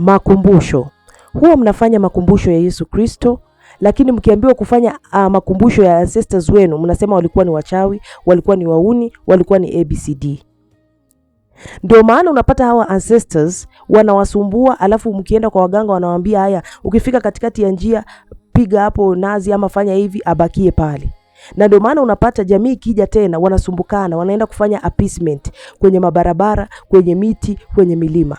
makumbusho. Huwa mnafanya makumbusho ya Yesu Kristo, lakini mkiambiwa kufanya uh, makumbusho ya ancestors wenu, mnasema walikuwa ni wachawi, walikuwa ni wauni, walikuwa ni ABCD. Ndio maana unapata hawa ancestors wanawasumbua, alafu mkienda kwa waganga wanawaambia haya, ukifika katikati ya njia piga hapo nazi ama fanya hivi, abakie pale. Na ndio maana unapata jamii ikija tena wanasumbukana, wanaenda kufanya appeasement kwenye mabarabara, kwenye miti, kwenye milima.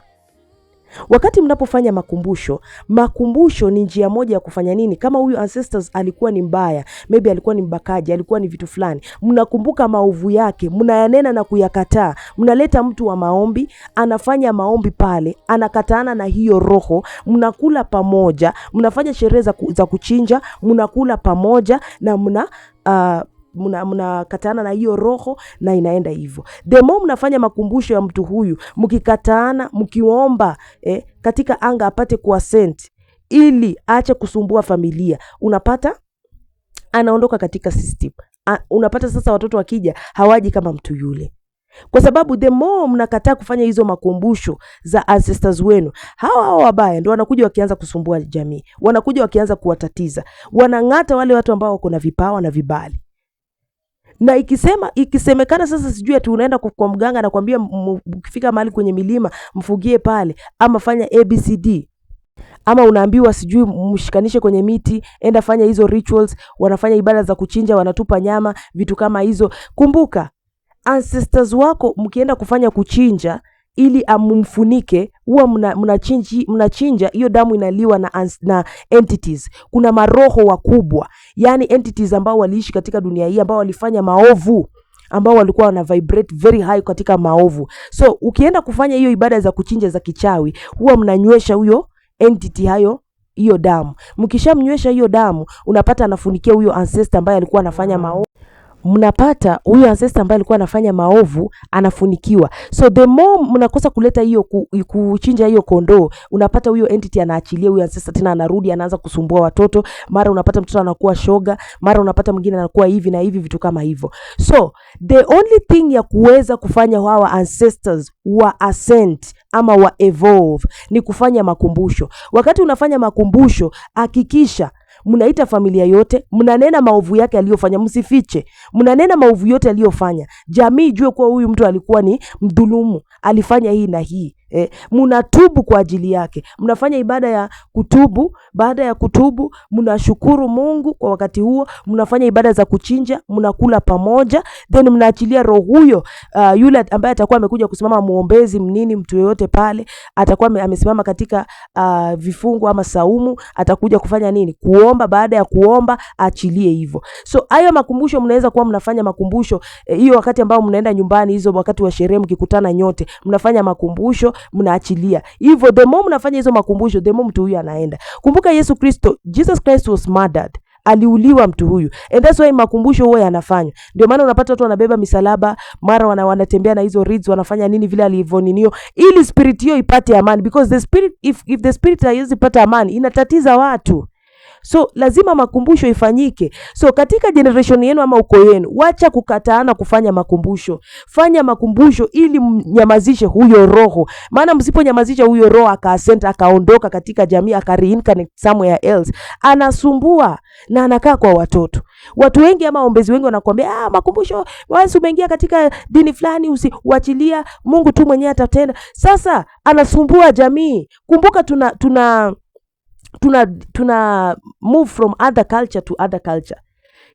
Wakati mnapofanya makumbusho, makumbusho ni njia moja ya kufanya nini? Kama huyu ancestors alikuwa ni mbaya, maybe alikuwa ni mbakaji, alikuwa ni vitu fulani, mnakumbuka maovu yake, mnayanena na kuyakataa. Mnaleta mtu wa maombi, anafanya maombi pale, anakataana na hiyo roho, mnakula pamoja, mnafanya sherehe za kuchinja, mnakula pamoja na mna uh, mnakataana na hiyo roho na inaenda hivyo. Demo mnafanya makumbusho ya mtu huyu, mkikataana, mkiomba eh, katika anga apate kuasenti ili aache kusumbua familia, unapata anaondoka katika system. A, unapata sasa watoto wakija hawaji kama mtu yule kwa sababu the more mnakataa kufanya hizo makumbusho za ancestors wenu, hawa hawa wabaya ndio wanakuja wakianza kusumbua jamii, wanakuja wakianza kuwatatiza, wanang'ata wale watu ambao wako na vipawa na vibali na ikisema ikisemekana sasa, sijui ati unaenda kwa mganga na kwambia ukifika mahali kwenye milima mfugie pale, ama fanya ABCD, ama unaambiwa sijui mshikanishe kwenye miti, enda fanya hizo rituals. Wanafanya ibada za kuchinja, wanatupa nyama, vitu kama hizo. Kumbuka ancestors wako mkienda kufanya kuchinja ili amumfunike, huwa mnachinja hiyo damu inaliwa na, na entities. Kuna maroho wakubwa, yani entities ambao waliishi katika dunia hii ambao walifanya maovu ambao walikuwa wana vibrate very high katika maovu. So ukienda kufanya hiyo ibada za kuchinja za kichawi, huwa mnanywesha huyo entity hayo hiyo damu. Mkishamnywesha hiyo damu, unapata anafunikia huyo ancestor ambaye alikuwa anafanya maovu mnapata huyo ancestor ambaye alikuwa anafanya maovu anafunikiwa. So the more mnakosa kuleta hiyo ku, kuchinja hiyo kondoo, unapata huyo entity anaachilia huyo ancestor tena, anarudi anaanza kusumbua watoto. Mara unapata mtoto anakuwa shoga, mara unapata mwingine anakuwa hivi na hivi, vitu kama hivyo. So the only thing ya kuweza kufanya hawa ancestors wa ascent ama wa evolve ni kufanya makumbusho. Wakati unafanya makumbusho, hakikisha mnaita familia yote, mnanena maovu yake aliyofanya, msifiche, mnanena maovu yote aliyofanya, jamii ijue kuwa huyu mtu alikuwa ni mdhulumu, alifanya hii na hii eh, mnatubu kwa ajili yake, mnafanya ibada ya kutubu. Baada ya kutubu, mnashukuru Mungu kwa wakati huo, mnafanya ibada za kuchinja, mnakula pamoja, then mnaachilia roho huyo, uh, yule ambaye atakuwa amekuja kusimama muombezi, mnini, mtu yoyote pale atakuwa amesimama katika uh, vifungo ama saumu, atakuja kufanya nini? Kuomba. Baada ya kuomba, achilie hivyo. So hayo makumbusho mnaweza kuwa mnafanya makumbusho eh, hiyo, eh, wakati ambao mnaenda nyumbani, hizo wakati wa sherehe mkikutana nyote, mnafanya makumbusho mnaachilia hivyo. The more mnafanya hizo makumbusho, the more mtu huyu anaenda. Kumbuka Yesu Kristo, Jesus Christ was murdered aliuliwa mtu huyu, and that's why makumbusho huwa yanafanywa. Ndio maana unapata watu wanabeba misalaba, mara wana, wanatembea na hizo reeds, wanafanya nini vile ninio ili spirit hiyo ipate amani, because the spirit if, if the spirit haiwezi pata amani inatatiza watu. So lazima makumbusho ifanyike. So katika generation yenu ama uko yenu, wacha kukataana kufanya makumbusho. Fanya makumbusho ili mnyamazishe huyo roho, maana msiponyamazisha huyo roho akaasenta akaondoka katika jamii aka reincarnate somewhere else, anasumbua na anakaa kwa watoto. Watu wengi ama ombezi wengi wanakuambia ah, makumbusho wewe umeingia katika dini fulani, usiwachilia Mungu tu mwenyewe atatenda. Sasa anasumbua jamii. Kumbuka tuna tuna tuna, tuna move from other culture to other culture.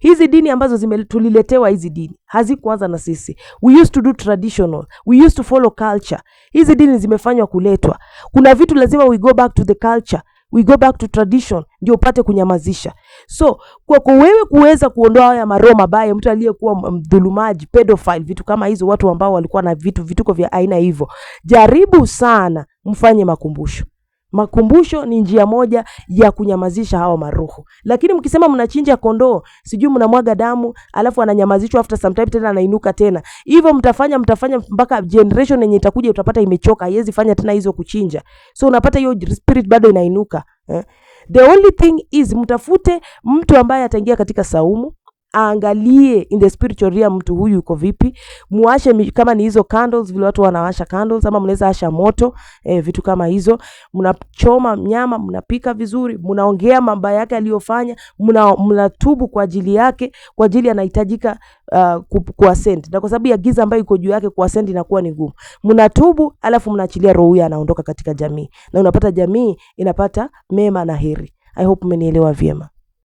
Hizi dini ambazo zime, tuliletewa hizi dini hazikuanza na sisi. We used to do traditional. We used to follow culture. Hizi dini zimefanywa kuletwa. Kuna vitu lazima we go back to the culture. We go back to tradition ndio upate kunyamazisha. So kwako wewe kuweza kuondoa haya maroho mabaya, mtu aliyekuwa mdhulumaji, pedophile, vitu kama hizo, watu ambao walikuwa na vitu vituko vya aina hivyo, jaribu sana mfanye makumbusho. Makumbusho ni njia moja ya kunyamazisha hawa maruhu. Lakini mkisema mnachinja kondoo, sijui mnamwaga damu, alafu ananyamazishwa after time tena anainuka tena. Hivyo mtafanya mtafanya mpaka generation yenye itakuja utapata imechoka, haiwezi fanya tena hizo kuchinja. So unapata hiyo spirit bado inainuka. Eh? The only thing is mtafute mtu ambaye ataingia katika saumu aangalie in the spiritual realm, mtu huyu yuko vipi. Muashe kama ni hizo candles, vile watu wanawasha candles, ama mnaweza asha moto eh, vitu kama hizo. Mnachoma mnyama, mnapika vizuri, mnaongea mabaya yake aliyofanya, mnatubu kwa ajili yake, kwa ajili anahitajika uh, ah, ku ascend, na kwa sababu ya giza ambayo iko juu yake ku ascend inakuwa ni ngumu. Mnatubu alafu mnaachilia roho huyo, anaondoka katika jamii na unapata jamii inapata mema na heri. I hope mmenielewa vyema.